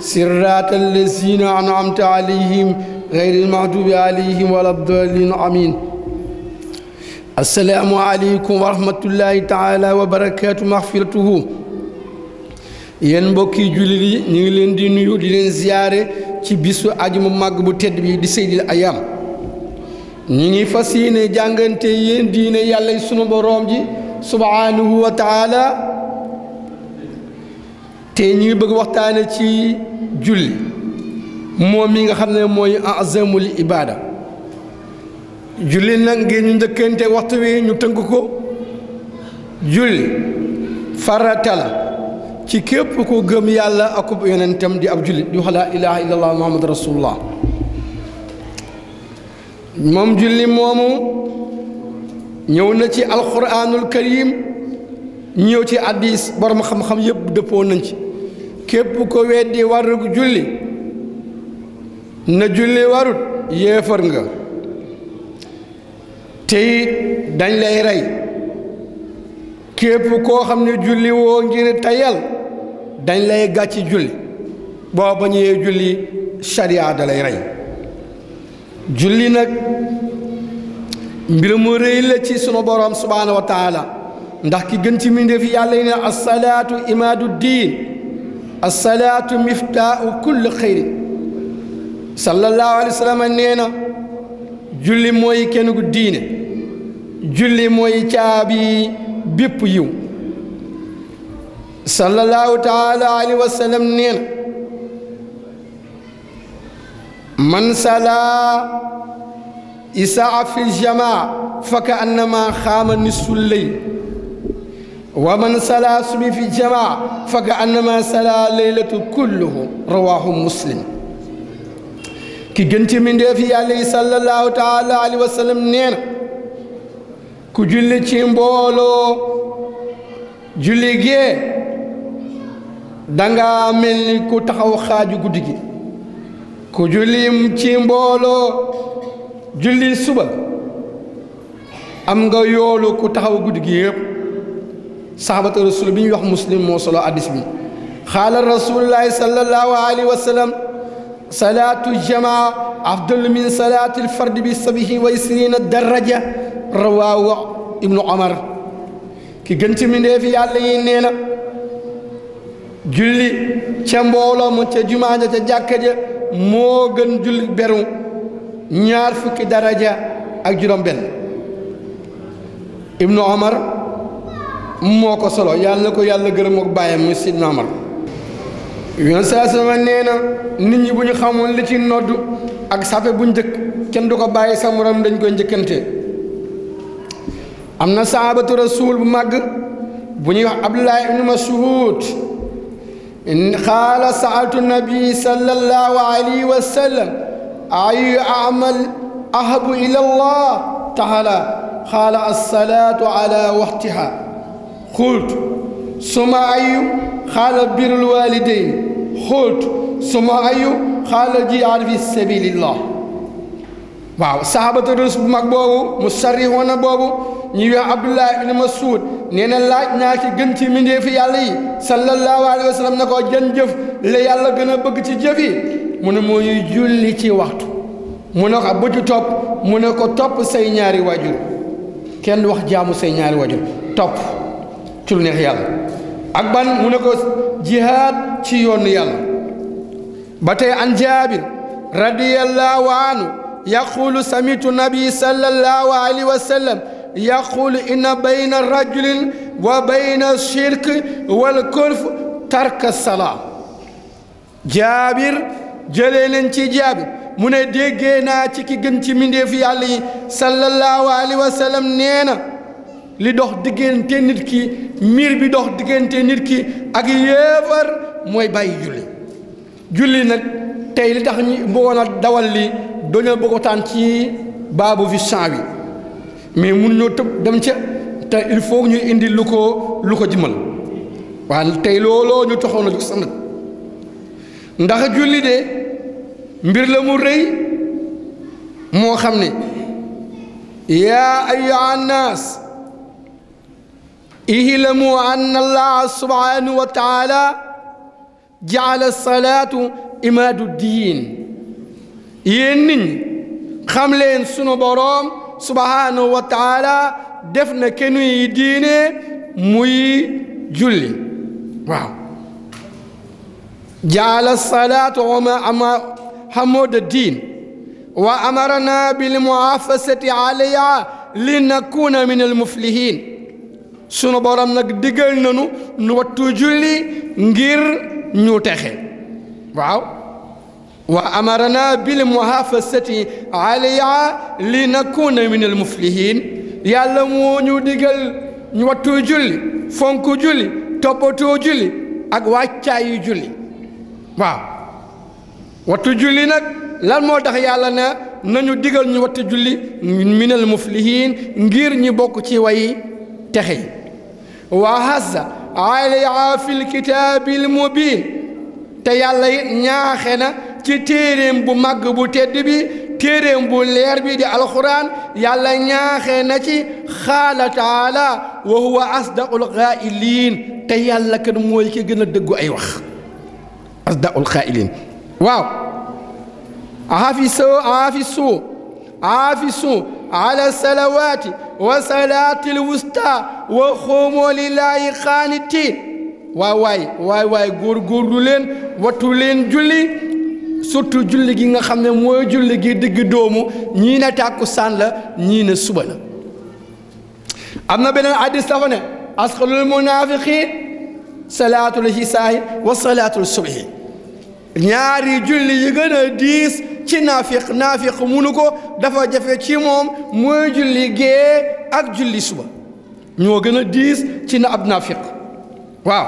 sirraata allaziina an'amta alayhim gayril maxduubi alayhim wala daalliin amiin assalaamu aleykum wa taala wa barakaatu maxfiratuhu yéen mbokki jullit yi ñu ngi leen di nuyu di ziyaare ci bisu ajuma màgg bu tedd bi di seydil ayaam ñu ngi jàngante yéen diine yàlla sunu boroom ji subhaanahu wa taala te ñu bëgg waxtaane ci julli moom mi nga xam ne mooy azamul ibaada julli nag ngir ñu njëkkante waxtu wi ñu tënk ko julli farata ci képp ko gëm yàlla akub yonentam di ab jullit di wax laa ilaha illallah muhammad rasulullah moom julli moomu ñëw na ci alquranul karim ñëw ci hadis borom xam-xam yëpp dëppoo nañ ci képp ko weddi warug julli na julli warut yéefar nga te dañ lay rey képp koo xam ne julli woo ngir tayal dañ lay gàcc julli boo ba ñëwee julli sariya da rey julli nag mbir mu rëy la ci sunu borom subhaanahu ndax ki gën ci mbindeef yàlla yi ne asalaatu imaadu diin alsalaatu miftaau kulli xayri sallallahu alayhi wa sallam nee na julli mooy kenn gu diine julli mooy caabi bépp yiw sallallahu taala alayhi wa sallam nee na man salaa isaa fi ljamaa fa ka annama xaama nisful leyl wa man salaa subi fi jamaa fa ka annama salaa laylatu kulluhu rawaahu muslim ki gën ci mbindéef yàlla yi sallallahu taala alayhi wa sallam nee ku julli ci mbooloo julli gee danga mel ni ku taxaw xaaju guddi ku julli ci mbooloo julli suba am nga yoolu ku taxaw guddi gi saxaabatu rasul bi ñuy wax muslim moo solo addis bi xaala rasulullahi sallallahu alayhi wa sallam salaatu jamaa afdalu min salaati lfardi bi sabihi wa isrina daraja rawaahu ibnu omar ki gën ci mbindéef yi yàlla yi nee julli ca mbooloo mu ca jumaa ca jàkka ja moo gën julli beru ñaar fukki daraja ak juróom ibnu omar moo ko solo yàlla na ko yàlla gërëm ak ko muy Sidna Omar yoon saa nee na nit ñi bu ñu xamoon li ci nodd ak sape bu njëkk kenn du ko bàyyi sa morom dañ koy njëkkante am na sahabatu rasul bu màgg bu ñuy wax abdullah ibnu mas'ud qaala saaltu nabi sallallahu alayhi wa sallam ayu amal ahabu ila allah taala qaala alsalaatu ala waxtiha قلت سما أيو قال بر الوالدين قلت سما أيو قال جهاد في سبيل الله waaw sahabatu rus bu mag boobu mu sarri woona boobu ñi wee abdullah ibn masud nee na laaj naa ci gën ci mbindeefi yàlla yi sallallahu alayhi wa sallam na ko jën jëf la yàlla gën a bëgg ci jëf yi mu ne moo julli ci waxtu mu ne ko bëcc topp mu ne ko topp say ñaari wajur kenn wax jaamu say ñaari wajur topp ci lu neex yàlla ak ban mu ne ko jihaad ci yoonu yàlla ba an jaabir radiyallahu anhu yaqulu samitu nabi sallallahu alayhi wa yaqulu inna bayna rajulin wa bayna shirk wal kulf tarka salaa jaabir jëlee ci jaabir mu ne déggee naa ci ki gën ci mbindeefu yàlla yi sallallahu alayhi nee na li dox diggante nit ki miir bi dox diggante nit ki ak yéefar mooy bàyyi julli julli nag tey li tax ñu bëggoon dawal li dañoo bëgg a taan ci baabu fi sang wi mais mun ñoo tëb dem ca te il faut ñu indi lu ko lu ko jëmal waaye tey looloo ñu toxoon na ju sant ndax julli de mbir la mu rëy moo xam ne yaa ayyuhan naas اهلموا أن الله سبحانه وتعالى جعل الصلاة إماد الدين ينن خملين سنو بروم سبحانه وتعالى دفن كنو يدين مي جولي واو جعل الصلاة وما أما حمود الدين وأمرنا بالمعافسة عليها لنكون من المفلحين sunu borom nag diggal nañu nu wattu julli ngir ñu texe waaw wa amarana bil muhafasati alayha li nakuna min al muflihin yàlla moo ñu diggal ñu wattu julli fonk julli toppatoo julli ak wàccaayu julli waaw wattu julli nag lan moo tax yàlla na nañu digal ñu wattu julli minal muflihin ngir ñi bokk ci way texe yi وهز عليها في الكتاب المبين te yàlla ñaaxe na ci téeréem bu màgg bu tedd bi bu leer alxuraan yàlla ñaaxe na ci xaala taala wa huwa asdaqul xaa'iliin te yàlla kat mooy ki gën a dëggu ay wax asdaqul xaa'iliin waaw aafi soo عافسوا على الصلوات وصلاة الوسطى وقوموا لله قانتين waay waay waay waay góorgóorlu leen wattu leen julli surtout julli gi nga xam ne mooy julli gi digg doomu ñii ne tàkkusaan la ñii suba la am na beneen hadiis dafa ne asqalul munaafiqiin salaatul isaa'i wa salaatul subhi ñaari julli yi gën a diis ci naafiq naafiq munu ko dafa jafe ci moom mooy julli gée ak julli suba ñoo gën a diis ci na ab naafiq waaw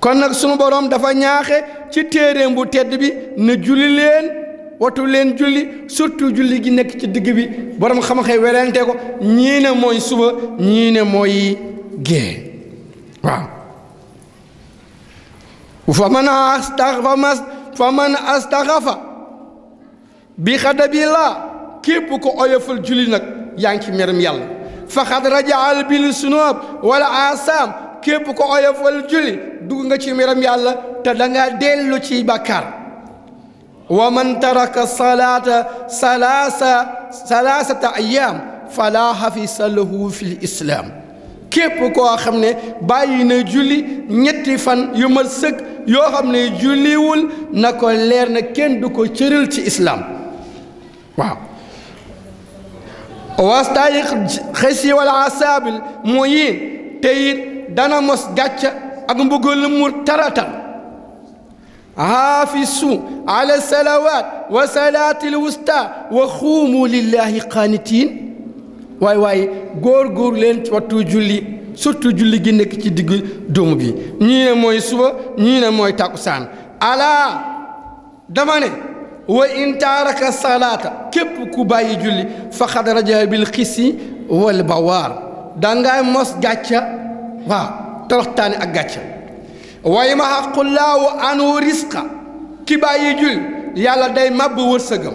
kon nag sunu borom dafa ñaaxe ci téeréem bu tedd bi ne julli leen watu leen julli surtout julli gi nekk ci digg bi borom xam-xam werante ko ñii ne mooy suba ñii ne mooy gée waaw فمن man فمن استغفر bi xadabi laa képp ko julli nag yaa ngi ci merum yàlla faxad rajaal bil sunoob wala asaam képp ko oyofal julli dugg nga ci merum yàlla te danga nga ci bàkkaar wa man taraka salaata salaasa salaasata ayaam falaa xafisa lahu fi l islaam képp koo xam ne bàyyi na julli ñetti fan yu ma sëkk yoo xam ne julliwul na ko leer na kenn du ko cëral ci islaam waaw wastaayi xësi wala asaabil mu yiin dana mos gàcca ak mbugalu mu taratan haafisu ala salawaat wa salaatil wusta wa xuumu lillahi qaanitiin waaye waaye góor góor leen ci waxtu julli surtout julli gi nekk ci diggu dóomu bi ñii mooy suba ñii ne mooy tàkkusaan alaa dama ne wa in salaata képp ku bàyyi julli faxad raja xisi wal bawaar dangay mos gàcca waaw toroxtaani ak gàcca waaye ma xaqullaahu anu risqa ki julli yàlla day màbb wërsëgam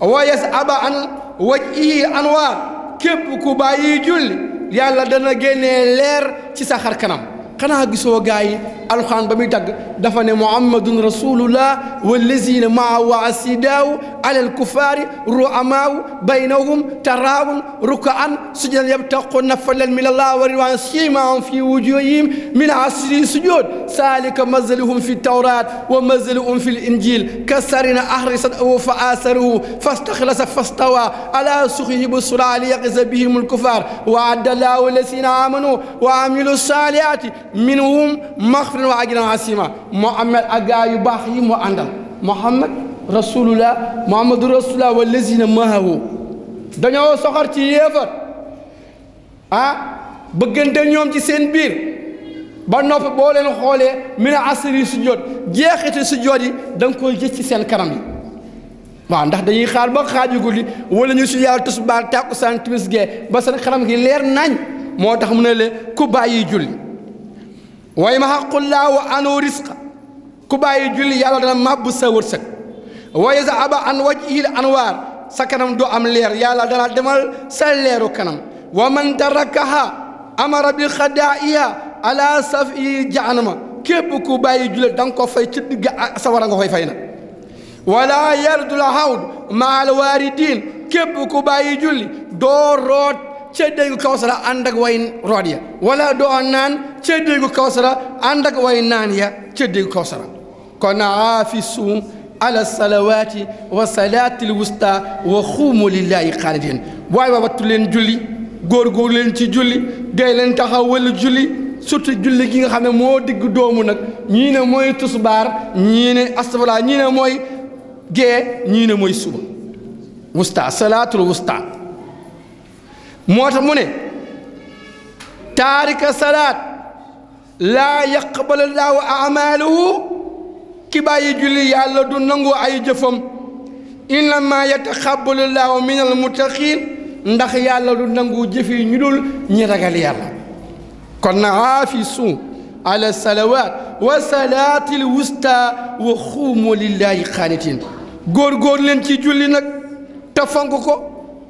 wa yas aba an wajhihi anwaar képp ku bàyyi julli yàlla dana génnee leer ci sa kanam xanaa gisoo gaa yi alxuraan ba muy tagg dafa ne muhammadun rasulullah wallazina maa wa asidaaw alal kufaari ruamaaw baynahum taraawun rukaan sujadan yabtaquuna fadlan min allah wa ridwaan siimaahum fi wujuhihim min asri sujud salika mazaluhum fi tawrat wa mazaluhum fi linjil kasarina ahrisat aw fa asaruhu fastaxlasa fastawa ala suxihi busra liyaqiza bihim alkufaar wa adda allahu allazina amanu wa amilu salihati minhum maxfiran wa ajran asima Muhammad ak gaa yu baax yi moo àndal Muhammad rasulullah Muhammadu rasulullah wa ne mahahu dañoo soxor ci yéefar ah bëggante ñoom ci seen biir ba nopp boo leen xoolee min asri sujjoot si sujjoot yi da nga koy gis ci seen kanam yi ndax dañuy xaar ba xaaju guddi wala ñu sujjaaw tisbaar tàkkusaan timis gee ba seen kanam gi leer nañ moo tax mu ne la ku bàyyi julli way ma xaqullaa wa anoo risqa julli yàlla dana màbb sa wërsëg waye sa aba an waj sa kanam doo am leer yàlla dana demal sa leeru kanam wa man tarakaha amara bi xadaa'iha ala safi jaanama képp ku julli da fay ci digg sa war fay na wala yardul hawd maal waaridiin képp ku julli doo root ca déggu kawsara ànd ak way root ya wala doo a naan ca déggu kawsara ànd ak way naan ya ca kawsa kawsara kon aafisu ala salawaati wa salaati lwusta wa xuumu lillahi xaanidiin waay waa wattu leen julli góor-góor leen ci julli dee leen taxawal julli surtout julli gi nga xam ne moo digg doomu nag ñii ne mooy tusbaar ñii ne astafurlah ñii mooy gee ñii ne mooy suba wusta salaatul wusta moo tax mu ne taarika salaat laa yaqbalu laahu amaaluhu ki bàyyi julli yàlla du nangu ay jëfam innama yataxabalu laahu min al muttaqiin ndax yàlla du nangu jëfi ñu dul ñi ragal yàlla kon na haafisu ala salawaat wa salaatil wusta wa xuumu lillaahi xaanitiin góor góor leen ci julli nag te fonk ko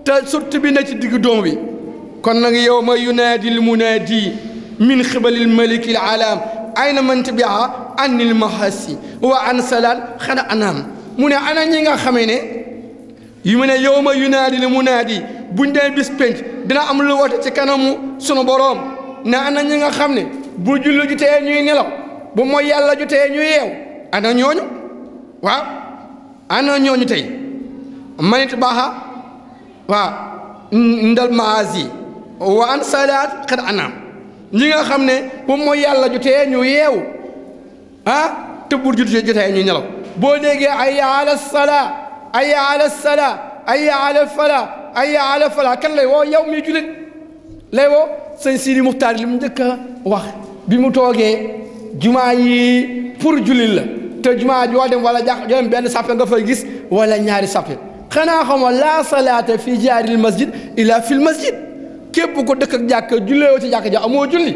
ta surt bi na ci diggu doom bi kon nag yow ma yunaadi l munaadi min xibalil maliki l alam ayna man tabia anil mahasi wa an salaan xana anam mu ne ana ñi nga xamee ne yu mu ne yow ma yunaadi l munaadi buñ dee bis penc dina am lu ci kanamu sunu boroom ne ana ñi nga xam ne bu jullu ju tee ñuy nelaw bu mooy yàlla ju tee ñuy yeew ana ñooñu waaw ana ñooñu tey manit baaxa waaw ndal maasi wa an salaat xat anaam ñi nga xam ne bu mooy yàlla jotee ñu yeewu ah te bur ju jotee ñu nelaw boo déggee ayya ala ay ayya ala salaa ayya ala falaa ayya ala falaa kan lay woo yow mi julit lay woo sëñ Sidi Muxtaar li mu njëkk a wax bi mu toogee jumaa yi pour jullit la te jumaa joo dem wala jàq benn sàppe nga fay gis wala ñaari sàppe xanaa xamoo laa salaata fi jaaril masjid illa fil masjid képp ko dëkk jàkk jàkka julleewoo ci jàkk ji amoo julli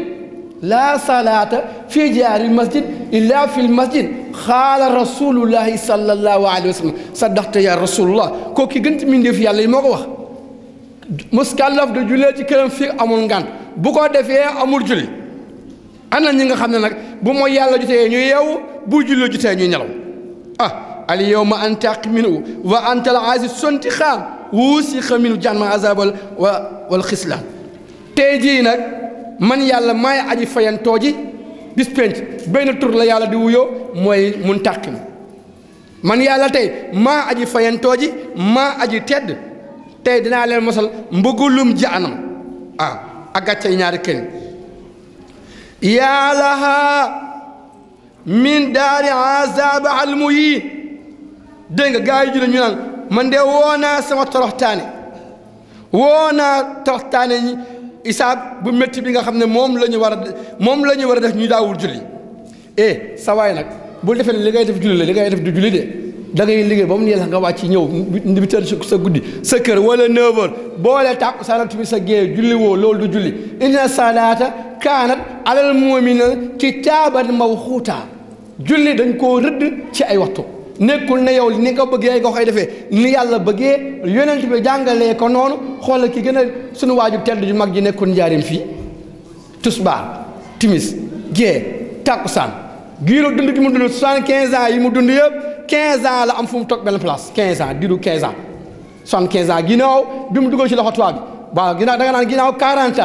laa salaata fii jaaril masjid illaa fil masjid xaala rasulullahi sallallahu alayhi wa sallam saddaxta ya rasulullah kooku gën ci yàlla yi moo ko wax muskàllaf de jullee ci këram fii amul ngànt bu ko defee amul julli am ñi nga xam ne nag bu moo yàlla jutee ñu yeewu bu julli jutee ñu ñelaw ah al yawma anta aqminu wa anta al aziz sonti xaam wusiqa minhu jahannama azabal wa wal xisla tey jii nag man yàlla maay aji fayantoo ji bis penc benn tur la yàlla di wuyoo mooy muntaqim man yàlla tey maa aji fayantoo ji maa aj tedd tey dinaa leen masal mbugulum jaanam ah ak gàccey ñaari kenn yaa lahaa min daari azaba almuhin dégg nga gaa yi ñu naan man de woo naa sama toroxtaane woo naa toroxtaane ñi isaab bu métti bi nga xam ne moom la ñu war a moom la ñu war a def ñu daawul julli e sa nag bul defee ne li ngay def julli la li ngay def du julli de da ngay liggéey ba mu neex nga wàcc ñëw huit heures sa guddi sa kër wala neuf heures boole tàkku sa nag sa géew julli woo loolu du julli inna salaata kaanat alal mu'minina kitaaban mawquuta julli dañ koo rëdd ci ay waxtu nekkul ne yow ni nga bëggee nga koy defee ni yàlla bëggee yonent bi jàngalee ko noonu xoolal ki gën a sunu waaju tedd ju mag ji nekkul njaarim fii tusbaar timis gee tàkkusaan giiru dund gi mu dund soixante-quinze ans yi mu dund yëpp quinze ans la am fu mu toog benn place quinze ans diiru quinze an soixante-quinze ans ginnaaw bi mu dugal ci loxo tubaab bi waaw ginnaaw da nga naan ginnaaw quarante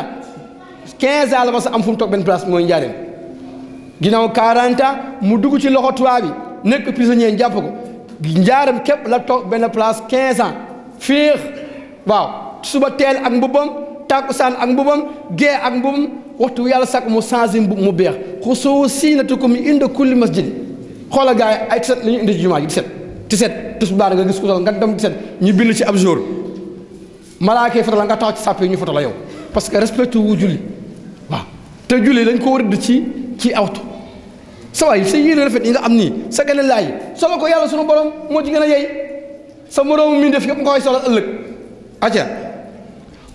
quinze ans la ma sa am fu mu toog benn place mooy njaarim ginnaaw quarante mu dugg ci loxo tubaab nekk prisonnier jàpp ko njaaram képp la toog benn place quinze ans fiix waaw suba teel ak mbubbam tàkkusaan ak mbubbam gee ak mbubbam waxtu yàlla sàkk mu changé mbub mu beex xusoo siinatukum inda kulli masjid xoola gars yi ay tiset la ñu indi ci jumaa ji tiset tiset tisbaar nga gis ku sol nga dem tiset ñu bind ci ab jour malaaka yi foto la nga tax ci sàpp ñu foto la yow parce que respecté wu julli waaw te julli dañ koo war ci ci awto sa waay sa yére rafet yi nga am nii sa gën a laay solo ko yàlla sunu boro moo ci gën a yey sa moroomu mi def yëpp nga koy solo ëllëg acca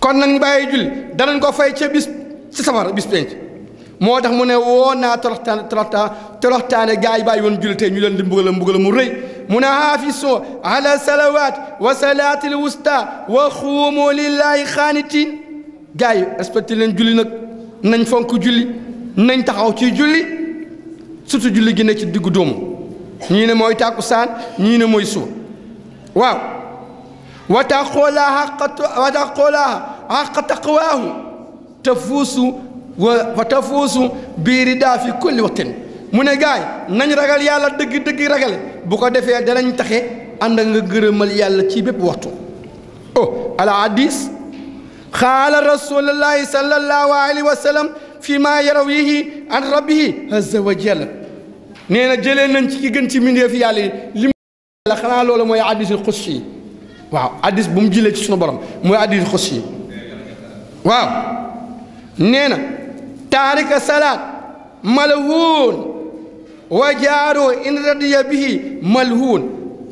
kon nag ñu bàyyi julli danañ ko fay ca bis ci safara bis moo tax mu ne woo naa toroxtaane toroxtaane toroxtaane gars yi bàyyi woon julli tey ñu leen di mbugala mbugala mu rëy mu ne haafisu ala salawat wa salaatil wusta wa xuumu lillahi xaanitiin gars yi respecté julli nag nañ fonk julli nañ taxaw ci julli surtout julli gi ne ci diggu dóomu ñii ne mooy tàkkusaan ñii ne mooy suba waaw wa taqoolaa aa wa taqoolaa xaqa taqwaahu tafuusu wa tafuusu bi ridaa kulli waxtin mu ne gaay nañ ragal yàlla dëgg dëgg ragal bu ko defee danañ taxe ànd nga gërëmal yàlla ci bépp waxtu oh al hadis xaala rasulullahi sallallahu alayhi fi ma yarawihi an rabbihi azza wa jalla nee na jëlee nañ ci ki gën ci mbindeef yàlla yi li mu la xanaa mooy hadisul xudsi yi waaw hadis bu mu jëlee ci sunu borom mooy hadisul xudsi yi waaw nee na taarika salaat malhuun wa jaaroo in radiya bihi malhuun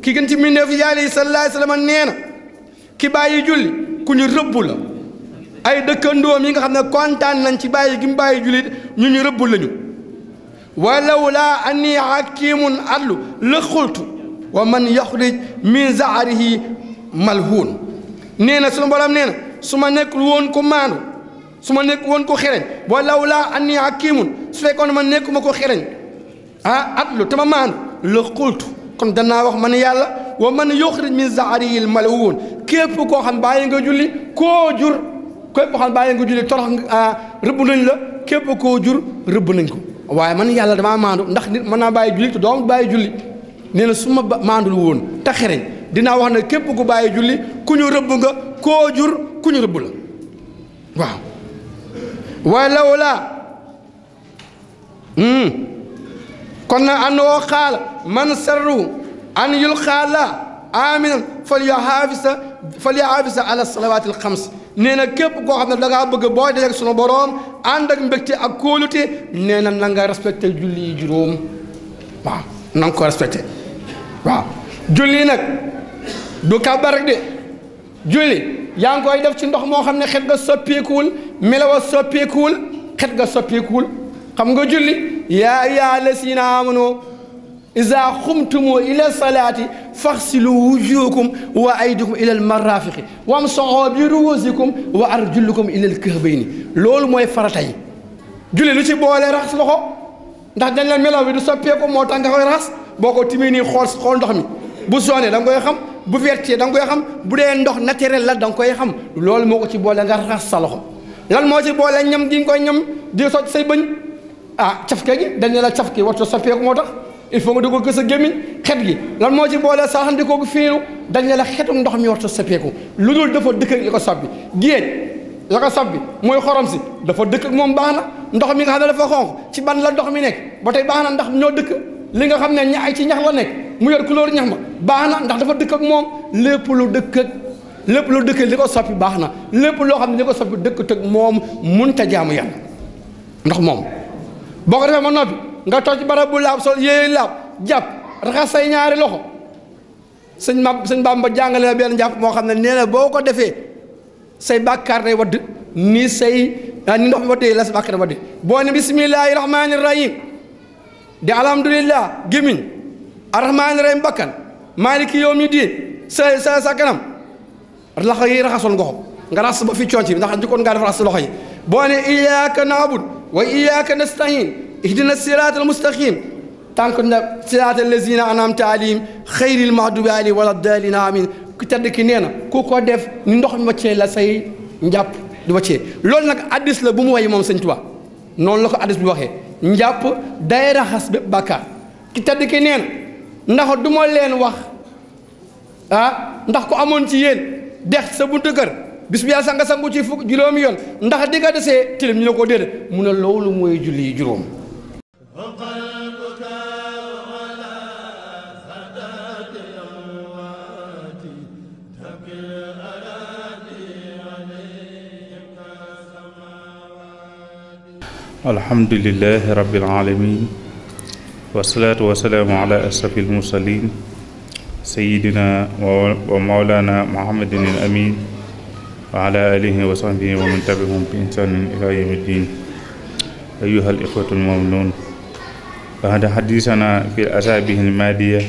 ki gën ci mbindeef yàlla yi sallallahu alayhi wa sallam nee na ki bàyyi julli ku ñu rëbb la ay dëkkandoom yi nga xam ne kontaan nañ ci bàyyi gi bàyyi julit ñu ñu rëbb lañu walaw laa ak hakimun adlu la xultu wa man yaxruj min zaarihi malhuun nee na sunu borom nee na su ma nekkul woon ko maandu su ma nekk woon ko xereñ walaw laa anni hakimun su fekkoon ma nekkuma ko xereñ ah lu te ma maandu la xultu kon danaa wax man yàlla wa man yaxruj min zaarihi malhuun képp koo xam bàyyi nga julli koo jur képp koo xam bàyyi nga julli torox ah, rëbb nañ la képp koo jur rëbb nañ ko waaye man yàlla damaa maandu ndax man naa bàyyi julli te doom bàyyi julli nee na maandul woon te xereñ dinaa wax ne képp ku bàyyi julli ku ñu rëbb nga koo jur ku ñu rëbb la waaw waaye law hmm, kon an woo xaal man sarru an yul xaal la aminan fal ya haafisa fal ya haafisa ala salawaati alxams nee na képp koo xam ne da ngaa bëgg booy dajeeg sunu boroom ànd ak mbégte ak kóolute nee na na nga respecté julli juróom waaw na nga ko waaw julli nag du kàbbar rek julli yaa ngi koy def ci ndox moo xam ne xet nga soppeekuwul melawa soppeekuwul xet nga soppeekuwul xam nga julli yaa ayyuhaa llaziina aamanuu izaa qumtum ilaa salaati si lu wujuukum wa ay aydikum ilal marafiqi wamsaxoo bi ruusikum wa arjulukum ilal kahbayni loolu mooy farata yi julli lu ci boole raxas loxo ndax dañ la melaw bi du soppeeku moo tax nga koy raxas boo ko timee nii xool xool ndox mi bu sonné danga koy xam bu vertier da nga koy xam bu dee ndox naturel la da koy xam loolu moo ko ci boole nga raxas sa loxo lan moo ci boole ñam di koy ñam di soj say bëñ ah cafke gi dañ ne la cafke warta soppeeku moo tax il faut nga dugal ko sa gémmiñ xet gi lan moo ci boolee saaxandikoo gu fiinu dañ ne la xetu ndox mi warta sappeeku lu dul dafa dëkk ak li ko sabbi géej la ko sabbi mooy xorom si dafa dëkk ak moom baax na ndox mi nga xam ne dafa xonq ci ban la ndox mi nekk ba tey baax na ndax ñoo dëkk li nga xam ne ñaay ci ñax la nekk mu yor couleur ñax ma baax na ndax dafa dëkk ak moom lépp lu dëkk ak lépp lu dëkk li ko soppi baax na lépp loo xam ne li ko soppi dëkk tëg moom munta jaamu yàlla ndax moom boo ko defee ma noppi nga toj barab bu laab sol yéey laab jàpp raxas ñaari loxo sëñ ma sëñ Bàmba jàngale benn jàpp moo xam ne nee na boo ko defee say bàkkaar day wadd ni say ah, ni ndox mi waddee la sa bàkkaar wadd boo ne bismillaahi rahmaani rahim di alhamdulillah gémmiñ arrahmaani rahim bakkan maaliki yawmi diin sa sa sa kanam loxo yi raxasoon nga xob nga raxas ba fi cooc bi ndax jikkoon ngaa def raxas loxo yi boo ne iyaaka naabud wa iyaaka nastahin ihdina siraatal mustaqim tànk na siraatal lazina anamta alayhim xayril mahdubi alayhim wala amin ku tedd ki nee na ku ko def ni ndox mi wàccee la say njàpp di wàccee loolu nag addis la bu mu way moom sëñ Tuubaa noonu la ko addis bi waxe njàpp day raxas bépp bàkkaar ki tedd ki nee ndax du ma leen wax ah ndax ko amoon ci yéen dex sa buntu kër bis bi yàlla sanga sangu ci fukk juróomi yoon ndax di nga desee tilim ñu ne ko déedéet mu ne loolu mooy julli juróom alhamdulilahi rabbil alamin wasalaatu wasalaamu ala ashrafil mursalin sayidina wa maolana muhammadin al amin wa ala alihi wa sahbihi wa man tabiahum bi ihsanin ila yawmi ddin ayuha al ixwatu al muminuun بعد حديثنا في الأسابيع المادية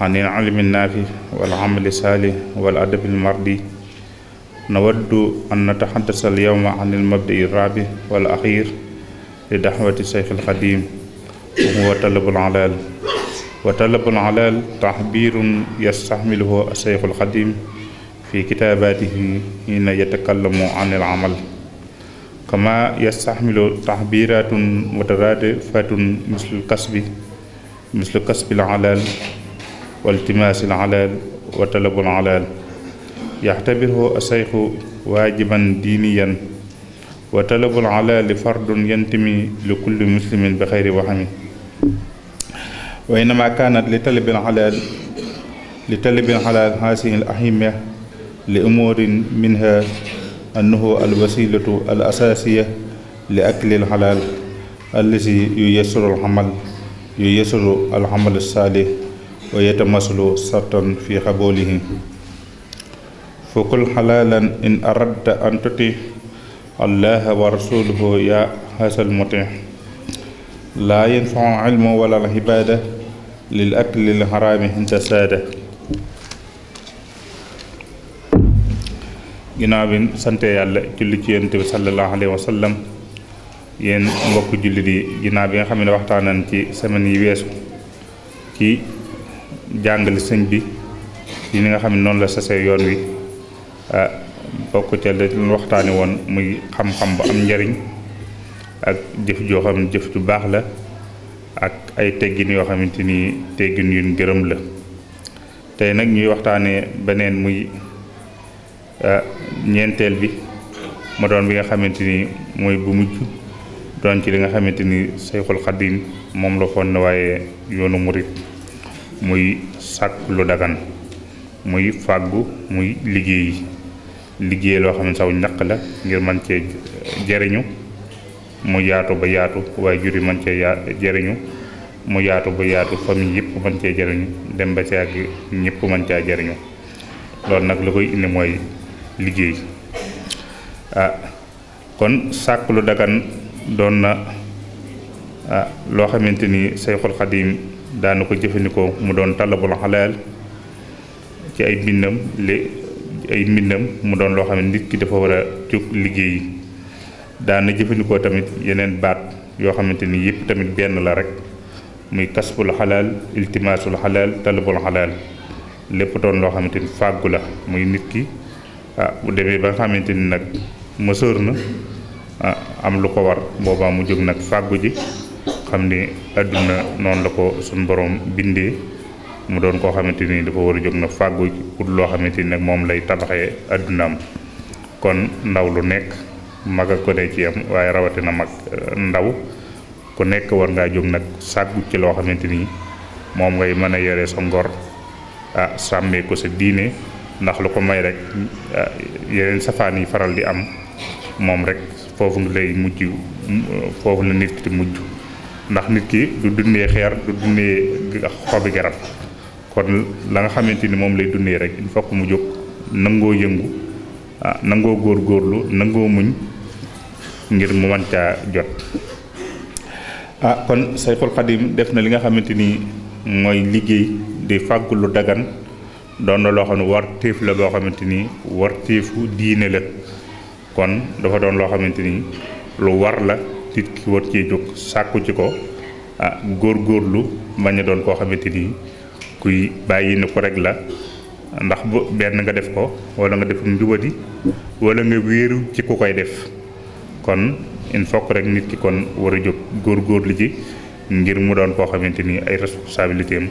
عن العلم النافع والعمل الصالح والأدب المرضي نود أن نتحدث اليوم عن المبدأ الرابع والأخير لدعوة الشيخ القديم وهو طلب العلال وطلب العلال تعبير يستحمله الشيخ القديم في كتاباته حين يتكلم عن العمل kama yastaxmilu taxbiratun mutaraadifatun mislu kasbi mislu kasbil alal wa iltimaasil alal wa talabul alal yaxtabiruhu asayxu waajiban diiniyan wa talabul alali fardun yantimi li kulli muslimin bi xayri waxami wa innama kaanat li talabil alal li talabil alal haasihi al ahimma li umurin minha annahu alwasilatu al asaasiya li akli al xalaal allazi yuyassiru al xamal yuyassiru al xamal saalih wa yatamasalu sartan fi xaboolihi فكل حلالا إن أردت أن تطيع الله ورسوله يا هذا المطيع لا ينفع علم ولا العبادة للأكل الحرام عند سادة ginnaaw bi sante yàlla julli ci yonent bi sallallahu alayhi wa sallam yéen mbokk jullit yi ginnaaw bi nga xam ne waxtaan nañ ci semaine yi weesu ci jàngale sëñ bi yi ni nga xam noonu la sasee yoon wi ah, bokk ca la waxtaani woon muy xam-xam bu am njariñ ak jëf joo xam ne jëf ju baax la ak ay teggin yoo xamante ni teggin yuñ gërëm la tey nag ñuy waxtaanee beneen muy Euh, ñeenteel bi ma doon bi nga xamante ni mooy bu mujj doon ci li nga xamante ni Sayxul Xadiim moom la foon waaye yoonu murit muy sàkk lu dagan muy fàggu muy liggéey liggéey loo xam ne saw ñaq la ngir man cee jariñu mu yaatu ba yaatu waaye jur yi man cee yaa jariñu mu yaatu ba yaatu famille yëpp man cee jariñu dem ba caag ñëpp man caa jariñu loolu nag la koy indi mooy liggéey ah, kon sàkk lu dagan doon na ah, loo xamante ni sayxul xadim daana ko jëfandikoo mu doon talabul xalaal ci ay mbindam li ay mbindam mu doon loo xam ne nit ki dafa war a jóg liggéey daana jëfandikoo tamit yeneen baat yoo xamante ni yëpp tamit benn la rek muy kasbul xalaal iltimaasul xalaal talabul xalaal lépp doon loo xamante ni fàggu la muy nit ki ah bu demee ba nga xamante ni nag mësoor na ah, am lu ko war boobaa mu jóg nag fàggu ji xam ni àdduna noonu la ko suñ borom bindee mu doon koo xamante ni dafa war a jóg nag fàggu loo xamante ni nag moom lay tabaxee àddunaam kon ndaw lu nekk mag ko dee ci waaye rawatina mag eh, ndaw ku nekk war ngaa jóg nag sàggu ci loo xamante ni moom ngay mën a yore sa ngor ah sàmmee ko sa diine ndax lu ko may rek ah, yeneen safaan yi faral di am moom rek foofu lay mujj foofu la nit ki di mujj ndax nit ki du dundee xeer du dundee xobi garab kon la nga xamante ni moom lay dundee rek il faut que mu jóg nangoo yëngu ah, nangoo góor góorlu nangoo muñ ngir mu mën caa jot ah kon Sayxul Xadim def na li nga xamante ni mooy liggéey di fàggu lu dagan doon na loo xam ne warteef la boo xamante ni warteefu diine la kon dafa doon loo xamante ni lu war la nit ki war cee jóg sàkku ci ko góor ah, góorgóorlu bañ a doon koo xamante ni kuy bàyyi na ko rek la ndax bu benn nga def ko walla nga def njubadi wala nga wéeru ci ku koy def kon il faut rek nit ki kon war a jóg góorgóorlu ji ngir mu doon koo xamante ni ay responsabilité am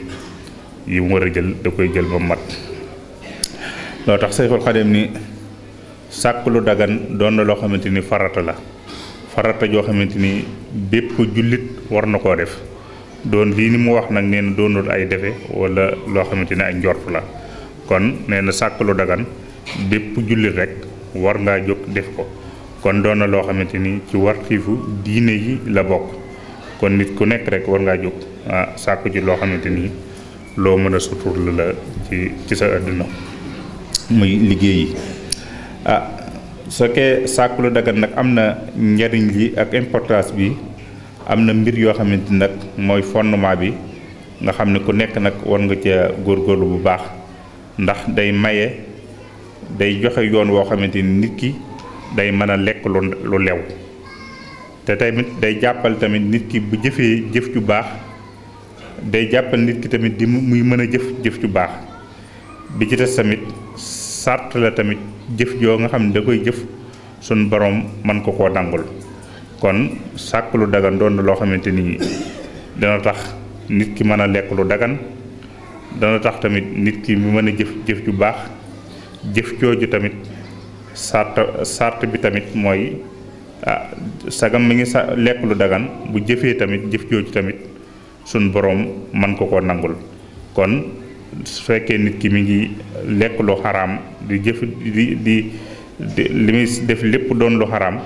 yi mu war a jël da koy jël ba mu mat loo tax Sayxul Xadim ni sàkk lu dagan doon na loo xamante ni farata la farata joo xamante ni bépp jullit war na koo def doon lii ni mu wax nag nee na doonul ay defe walla loo xamante ni ay njort la kon nee na sàkk lu dagan bépp jullit rek war ngaa jóg def ko kon doon na loo xamante ni ci wartiifu diine yi la bokk kon nit ku nekk rek war ngaa jóg ah sàkku ji loo xamante ni loo mën a sutur la ci ci sa àdduna muy liggéey yi ah soo kee sàkku lu dagan nag am na njariñ li ak importance bi am na mbir yoo xamante nag mooy fondement bi nga xam ne ku nekk nag war nga ca góorgóorlu bu baax ndax day maye day joxe yoon woo xamante ni nit ki day mën a lekk lu lew te tamit day jàppal tamit nit ki bu jëfee jëf ju baax day jàppal nit ki tamit di muy mën a jëf jëf ju baax bi ci des tamit sart la tamit jëf joo nga xam ne da koy jëf suñ borom man ko koo nangul kon sàkk lu dagan doon na loo xamante ni dana tax nit ki mën a lekk lu dagan dana tax tamit nit ki mu mën a jëf jëf ju baax jëf jooju tamit sart sart bi tamit mooy ah sagam mi ngi sa lekk lu dagan bu jëfee tamit jëf jooju tamit suñ boroom man ko ko nangul kon su fekkee nit ki mi ngi lekk lu xaraam di jëf di di li muy def lépp doon lu xaraam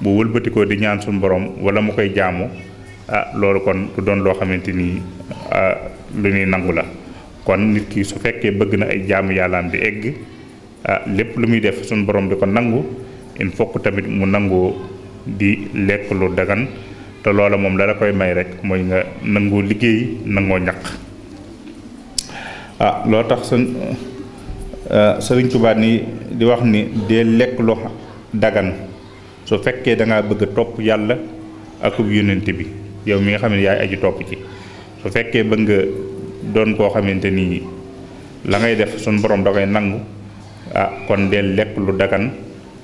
bu wëlbatikoo di ñaan suñ boroom wala mu koy jaamu ah loolu kon du doon loo xamante ni ah, lu ñuy nangu la kon nit ki su fekkee bëgg na ay jaamu yàllaam di egg ah, lépp lu muy def suñ boroom di ko nangu il faut tamit mu nangoo di lekk lu dagan te loola moom dara koy may rek mooy nga nangoo liggéey nangoo ñaq ah loo tax sëñ euh, sëriñ Tuubaa ni di wax ni dee lekk lu dagan su fekkee da bëgg a topp yàlla akub yónnent bi yow mi nga xam ne yaay aju topp ci su fekkee bëgg nga doon koo xamante ni la ngay def suñ borom da nangu ah kon dee lekk lu dagan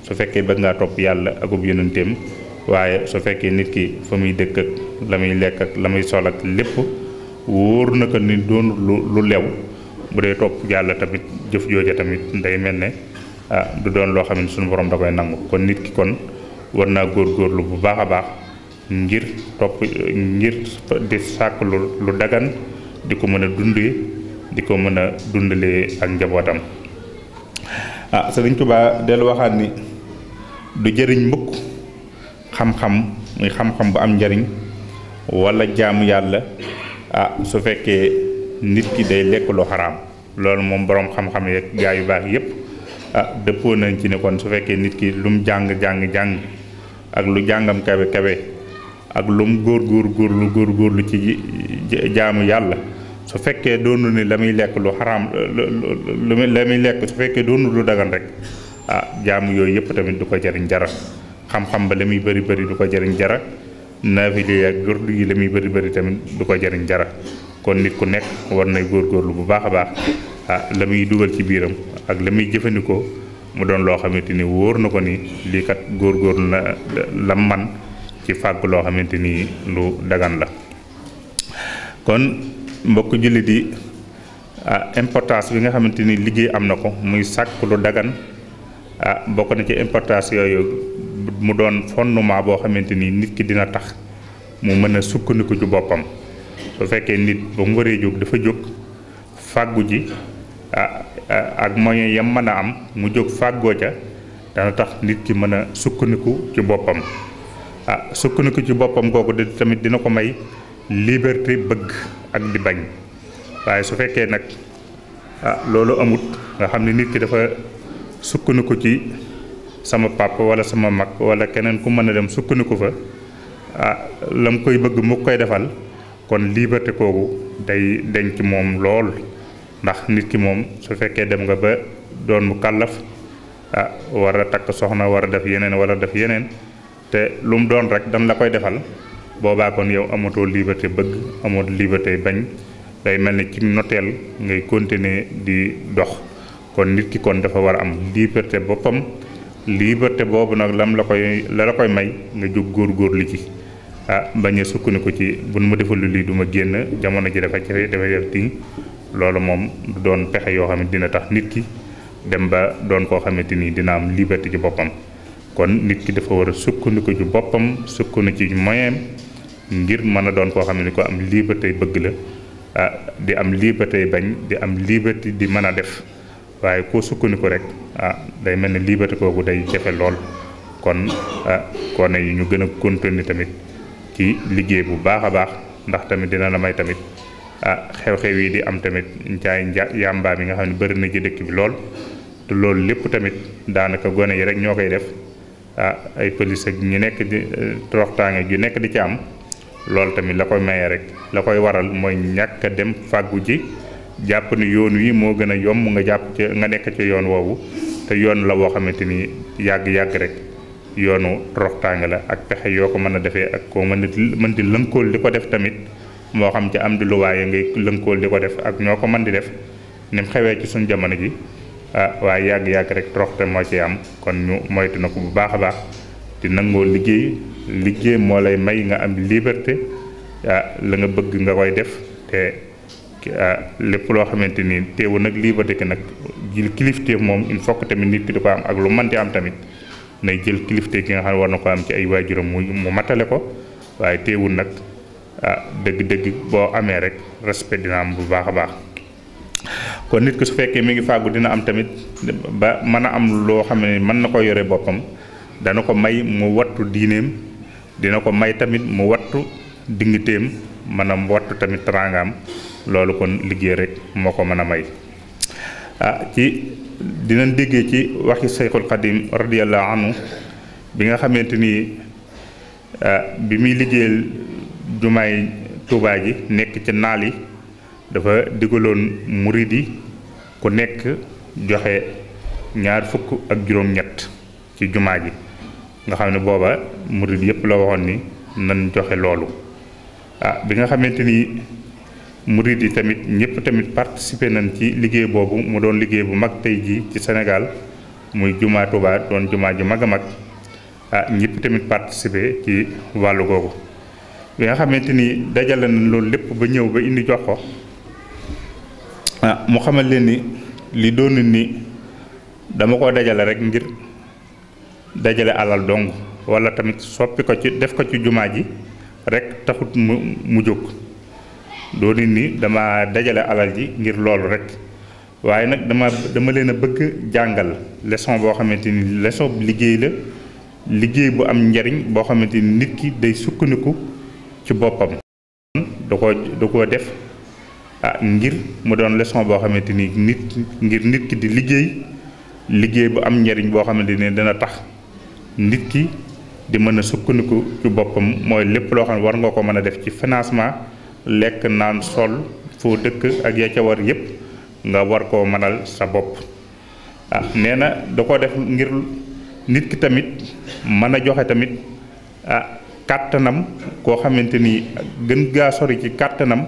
su fekkee bëgg ngaa topp yàlla akub yónnenteem waaye su fekkee nit ki fa muy dëkk ak la muy lekk ak la muy sol ak lépp wóor na ko ni doon lu lu lew bu dee topp yàlla tamit jëf jooja tamit day mel ne ah du doon loo xam ne suñu borom da koy nangu kon nit ki kon war naa góor góorlu bu baax a baax ngir topp ngir sàkk lu lu dagan di ko mën a dundee di ko mën a dundalee ak njabootam ah Sëriñ Tuubaa dellu waxaat ni du jëriñ mukk xam-xam muy xam-xam bu am njariñ wala jaamu yàlla ah su fekkee nit ki day lekk lu xaraam loolu moom boroom xam-xam yeeg gaa yu baax yépp ah dëppoo nañ ci ne kon su fekkee nit ki lu jàng jàng jàng ak lu jàngam kawe kawe ak lum mu góor góor góor lu góor góor lu ci jaamu yàlla su fekkee doonu ni la muy lekk lu xaraam lu la muy lekk su fekkee doonu lu dagan rek ah jaamu yooyu yépp tamit du ko jariñ dara xam-xam ba la muy bari bari du ko jariñ dara naafile yi ak jordu la muy bari bari tamit du ko jariñ dara kon nit ku nekk war na góor góorlu bu baax a baax ah la muy dugal ci biiram ak la muy jëfandikoo mu doon loo xamante ni wóor na ko ni lii kat góorgóorlu na la man ci fàgg loo xamante ni lu dagan la kon mbokk jullit yi ah, importance bi nga xamante ni liggéey am na ko muy sàkk lu dagan ah bokk na ci importance yooyu mu doon fondement boo xamante nii nit ki dina tax mu mën a sukkandiku ci boppam su fekkee nit ba mu waree jóg dafa jóg fàggu ji ah, ah, ak moyen yam mën a am mu jóg fàggoo ca dana tax nit ki mën a sukkandiku ci boppam ah sukkandiku ci boppam kooku di tamit dina ko may liberté bëgg ak di bañ waaye su fekkee nag ah, loolu amut nga xam ne nit ki dafa sukkandiku ci sama papa wala sama mag wala keneen ku mën a dem sukkandiku fa ah la mu koy bëgg mu koy defal kon liberté kooku day denc moom lool ndax nit ki moom su fekkee dem nga ba doon mu kàllaf ah, war a takk soxna war a def yeneen wala def yeneen te lu mu doon rek dan la koy defal boobaa kon yow amatoo liberté bëgg amoo liberté bañ day mel ni ci noteel ngay continuer di dox kon nit ki kon dafa war a am liberté boppam liberté boobu nag lam la koy la la koy may nga jóg góorgóorlu ci ah bañ a sukkandiku ci buñ ma defal lu lii du génn jamono ji dafa ci dafay def ti loolu moom doon pexe yoo xam ne dina tax nit ki dem ba doon koo xamante ni dina am liberté ci boppam kon nit ki dafa war a sukkandiku ci boppam sukkandiku ci moyen ngir mën a doon koo xam ne ko am liberté bëgg la ah di am liberté bañ di am liberté di mën a def waaye koo sukkandiku rek ah day mel ne liberté kooku day jafe lool kon kone ah, yi ñu gën a continuer tamit ci liggéey bu baax a baax ndax tamit dina la may tamit ah xew-xew yi di am tamit njaay yàmbaa mi nga xam ne bëri na ci dëkk bi lool te loolu lépp tamit daanaka gone yi rek ñoo koy def ah ay police ak ñu nekk di toroxtaange ju nekk di ci am loolu tamit la koy maye rek la koy waral mooy ñàkk dem fàggu ji jàpp ni yoon wi moo gën a yomb nga jàpp ca nga nekk ca yoon woowu te yoon la woo xamante ni yàgg-yàgg rek yoonu toroxtaange la ak pexe yoo ko mën a defee ak ko mën di lënkool di ko def tamit moo xam ci am di luwaaye ngay lënkool di ko def ak ñoo ko mën di def ni mu xewee ci suñ jamono ji ah waaye yàgg-yàgg rek toroxte moo ci am kon ñu moytu na ko bu baax a baax di nangoo liggéey liggéey moo lay may nga am liberté ah la nga bëgg nga koy def te Euh, lépp loo xamante ni teewu nag lii ba dëkk nag jël kilifteef moom il faut tamit nit ki di ko am ak lu mën di am tamit nay jël kilifteef ki nga xam ne war na ko am ci ay waajuram mu mu matale ko waaye téewul nag ah dëgg-dëgg boo amee rek respect dina am bu baax a baax. kon nit su fekkee mi ngi fàggu dina am tamit ba mën a am loo xam ne mën na ko yore boppam dana ko may mu wattu diineem dina ko may tamit mu wattu dignitéem maanaam wattu tamit teraangaam loolu kon liggéey rek moo ko mën a may ah ci dinañ déggee ci waxi Sayxul Xadim radiyallahu anhu bi nga xamante ni ah, bi muy liggéeyal yi Tuubaa ji nekk ci naal yi dafa digaloon murid yi ku nekk joxe ñaar fukk ak juróom-ñett ci jumaa ji nga xam ne booba murid yépp la waxoon ni nan joxe loolu ah, bi nga xamante ni mu murid yi tamit ñëpp tamit participer nañ ci liggéey boobu mu doon liggéey bu mag tey jii ci senegal muy jumaa Tuubaa doon jumaa ju mag a mag ah tamit participer ci wàllu googu. bi nga xamante ni dajale nañ loolu lépp ba ñëw ba indi jox ko ah, mu xamal leen ni li doon ni dama ko dajale rek ngir dajale alal dong wala tamit soppi ko ci def ko ci jumaa ji rek taxut mu mu jóg. doo nit ni dama dajale alal ji ngir loolu rek waaye nag dama dama leen a bëgg jàngal leçon boo xamante ni leçon liggéey la liggéey bu am njariñ boo xamante ni nit ki day sukkandiku ci boppam da ko da koo def ah, ngir mu doon leçon boo xamante ni nit ngir nit ki di liggéey liggéey bu am njariñ boo xamante ni dana tax nit ki di mën a sukkandiku ci boppam mooy lépp loo xam ne war nga ko mën a def ci financement lekk naan sol foo dëkk ak ya ca war yépp nga war koo mënal sa bopp ah nee na da ko def ngir nit ki tamit mën a joxe tamit ah kàttanam koo xamante ni gën gaa sori ci kàttanam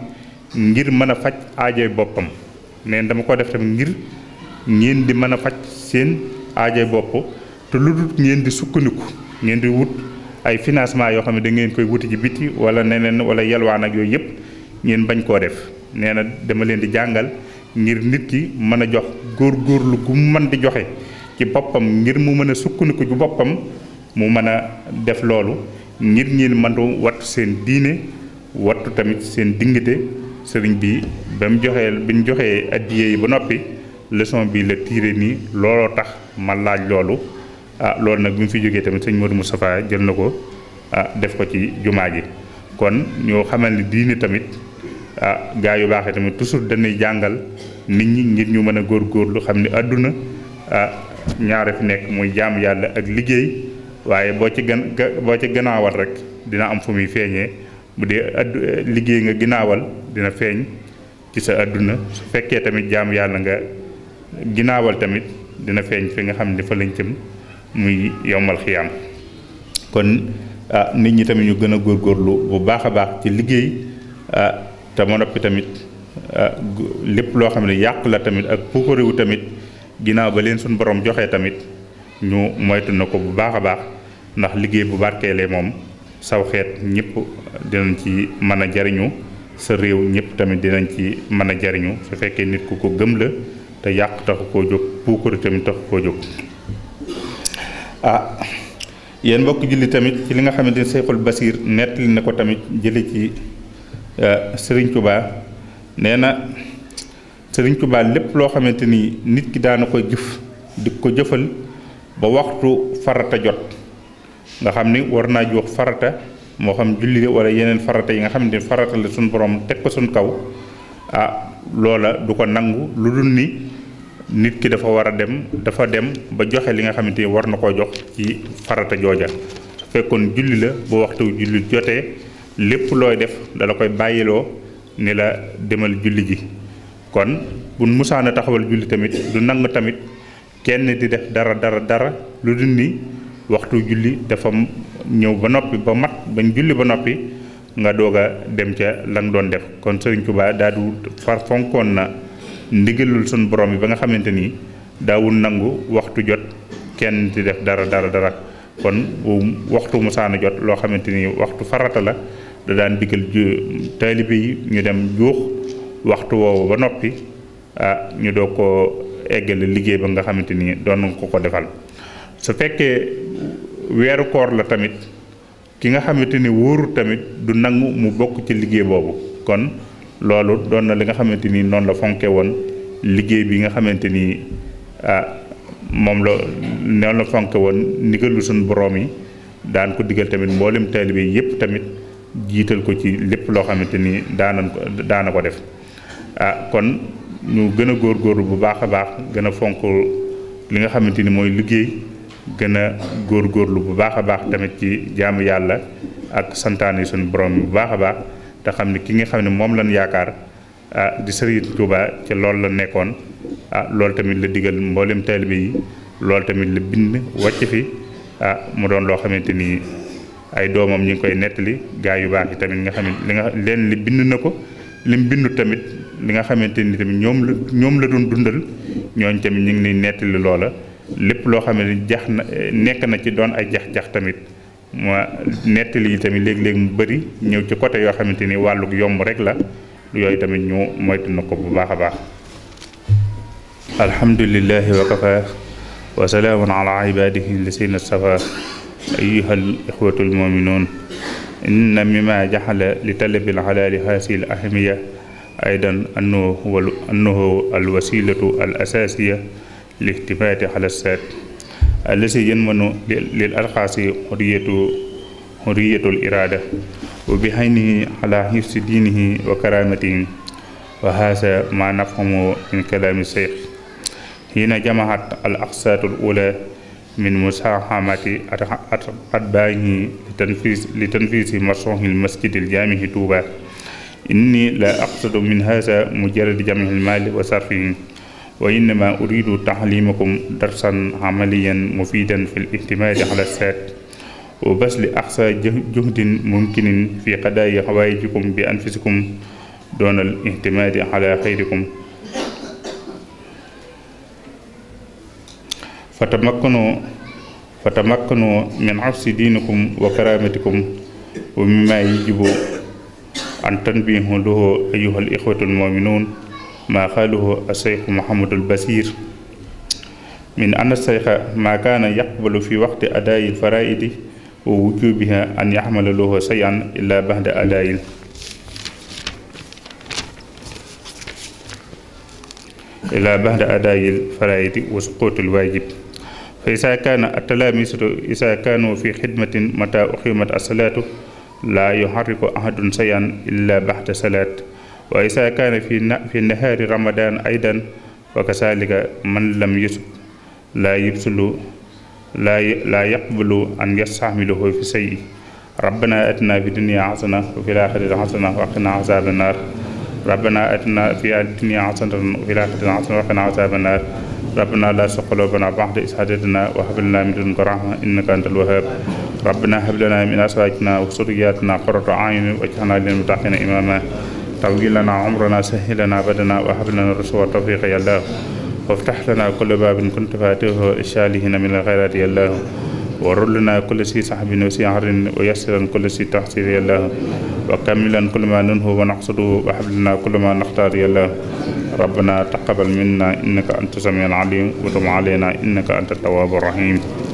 ngir mën a faj aajoy boppam nee na dama ko def tamit ngir ngeen di mën a faj seen aajoy bopp te lu dul ngeen di sukkandiku ngeen di wut ay financement yoo xam ne da ngeen koy wuti ci biti wala neneen wala yalwaan ak yooyu yëpp ngeen bañ koo def nee na dama leen di jàngal ngir nit ki mën a jox góorgóorlu gu mu mën di joxe ci boppam ngir mu mën a sukkandiku ju boppam mu mën a def loolu ngir ngeen mën a wattu seen diine wattu tamit seen dignité sëriñ bi ba mu joxee bi ñu joxee addiye yi ba noppi leçon bii la tiire nii looloo tax ma laaj loolu ah loolu nag bi mu fi jógee tamit sëñ Modou Moustapha jël na ko ah def ko ci jumaa ji kon ñoo xamal ni diine tamit ah gaa yu baaxee tamit toujours dañuy jàngal nit ñi ngir ñu mën a góor góorgóorlu xam ne àdduna ah ñaare fi nekk muy jaam yàlla ak liggéey waaye boo ci gën boo ci gannaawal rek dina am fu muy feeñee bu dee addu liggéey nga ginnaawal dina feeñ ci sa àdduna su fekkee tamit jaam yàlla nga ginnaawal tamit dina feeñ fi nga xam ne fa lañ jëm muy yombal xiyaam kon ah, nit ñi tamit ñu gën a góorgóorlu bu baax a baax ci liggéey ah te ma noppi tamit ah, lépp loo xam ne yàq la tamit ak puukariwu tamit ginnaaw ba leen suñu boroom joxee tamit ñu moytu na ko bu baax a baax ndax liggéey bu barkeelee moom saw xeet ñépp dinañ ci mën a jariñu sa réew ñëpp tamit dinañ ci mën a jariñu su fekkee nit ku ko gëm la te yàq taxu koo jóg puukari tamit taxu koo jóg ah yéen mbokk julli tamit ci li nga xamante ni Seexul Basiir nettali na ko tamit jële ci Euh, sëriñ Tuubaa nee na sëriñ Tuubaa lépp loo xamante ni nit ki daana ko jëf di ko jëfal ba waxtu farata jot nga xam ni war naa jox farata moo xam julli wala yeneen farata yi nga xam ne farata la suñ borom teg ko suñ kaw ah loola du ko nangu lu dul ni nit ki dafa war a dem dafa dem ba joxe li nga xamante ni war na koo jox ci farata jooja fekkoon julli la ba waxtu julli jotee lépp looy def dala koy bàyyiloo ni la demal julli ji kon bu musaana taxawal julli tamit du nangu tamit kenn di def dara dara dara lu dul waxtu julli dafa ñëw ba noppi ba mat bañ julli ba noppi nga doog a dem ca lan doon def kon Sëriñ Tuubaa daa du far fonkoon na ndigalul sunu borom bi ba nga xamante ni daawul nangu waxtu jot kenn di def dara dara dara kon waxtu musaana jot loo xamante ni waxtu farata la da daan diggal taalibe yi ñu dem juux waxtu woowu ba noppi ah ñu doo ko eggale liggéey ba nga xamante ni doon nga ko ko defal su fekkee weeru koor la tamit ki nga xamante ni wóoru tamit du nangu mu bokk ci liggéey boobu kon loolu doon na li nga xamante ni noonu la fonke woon liggéey bi nga xamante ni ah moom la noonu la fonke woon ndigalu suñu boroom yi daan ko digal tamit mboolem taalibe yi yépp tamit jiital ko ci lépp loo xamante ni daanan ko daana ko def ah kon ñu gën a góorlu bu baax a baax gën a fonk li nga xamante ni mooy liggéey gën a góorlu bu baax a baax tamit ci jaamu yàlla ak santaane suñu borom bu baax a baax te xam ne ki nga xam ne moom lañ yaakaar ah di Sëriñ Tuuba ci loolu la nekkoon ah loolu tamit la digal mboolem taalibe yi loolu tamit la bind wàcc fi ah, mu doon loo xamante ni. ay doomam ñu ngi koy nettali gaa yu baax yi tamit nga xam li nga leen li bind na ko lim bindu tamit li nga xamante ni tamit ñoom la ñoom la doon dundal ñooñ tamit ñu ngi lay nettali loola lépp loo xam ni jax na nekk na ci doon ay jax-jax tamit ma nettali yi tamit léeg-léeg mu bari ñëw ci côté yoo xamante ni wàlluk yomb rek la yooyu tamit ñu moytu na ko bu baax a baax alhamdulilahi wa kafa أيها الإخوة المؤمنون إن مما جعل لطلب الحلال هذه الأهمية أيضا أنه, هو أنه الوسيلة الأساسية لاعتماد على السات الذي ينمن للأرخص حرية حرية الإرادة وبعينه على حفظ دينه وكرامته وهذا ما نفهمه من كلام الشيخ حين جمعت الأقساط الأولى min musahamati at baañi li tanfiisi masohil masjidil jaamihi tuuba inni la aqsadu min haasa mujarrad jamihil maali wa sarfihi wa innama uridu taxlimakum darsan amaliyan mufidan fi lictimadi ala saat wa basli axsa juhdin mumkinin fi qadaayi xawaayijikum bi anfusikum doonal ictimaadi ala xayrikum فتمكنوا فتمكنوا من عفس دينكم وكرامتكم ومما يجب أن تنبيهوا له أيها الإخوة المؤمنون ما قاله الشيخ محمد البصير من أن الشيخ ما كان يقبل في وقت أداء الفرائض ووجوبها أن يحمل له شيئا إلا بعد أداء إلا بعد أداء الفرائض وسقوط الواجب fa isaa kaana atalaamisatu isaa kaanu fi xidmatin mata uximat asalaatu laa yuxarriku ahadun sayan illa baxda salaat wa isaa kaana fi na fi nahaari ramadan aydan wa kasaalika man lam yusub laa yubsulu laa laa yaqbalu an yastaxmiluhu fi say rabbana atina fi dunia xasana wa fi laaxirati xasana wa qina azaaba naar rabbana atina fi dunia xasanatan wa fi laaxirati xasana wa qina azaaba naar ربنا لا تزغ قلوبنا بعد إذ هديتنا وهب لنا من لدنك رحمة إنك أنت الوهاب ربنا هب لنا من أزواجنا وذرياتنا قرة أعين واجعلنا للمتقين إماما طول لنا عمرنا سهل لنا بدنا وهب لنا الرشد والتوفيق يا الله وافتح لنا كل باب كنت فاتحه اشالهنا من الخيرات يا الله ورلنا كل شيء صاحب وسعر ويسرا كل شيء تحصيل يا الله وكملا كل ما ننهو ونقصده وحبلنا كل ما نختار يا الله ربنا تقبل منا إنك أنت السميع العليم وتب علينا إنك أنت التواب الرحيم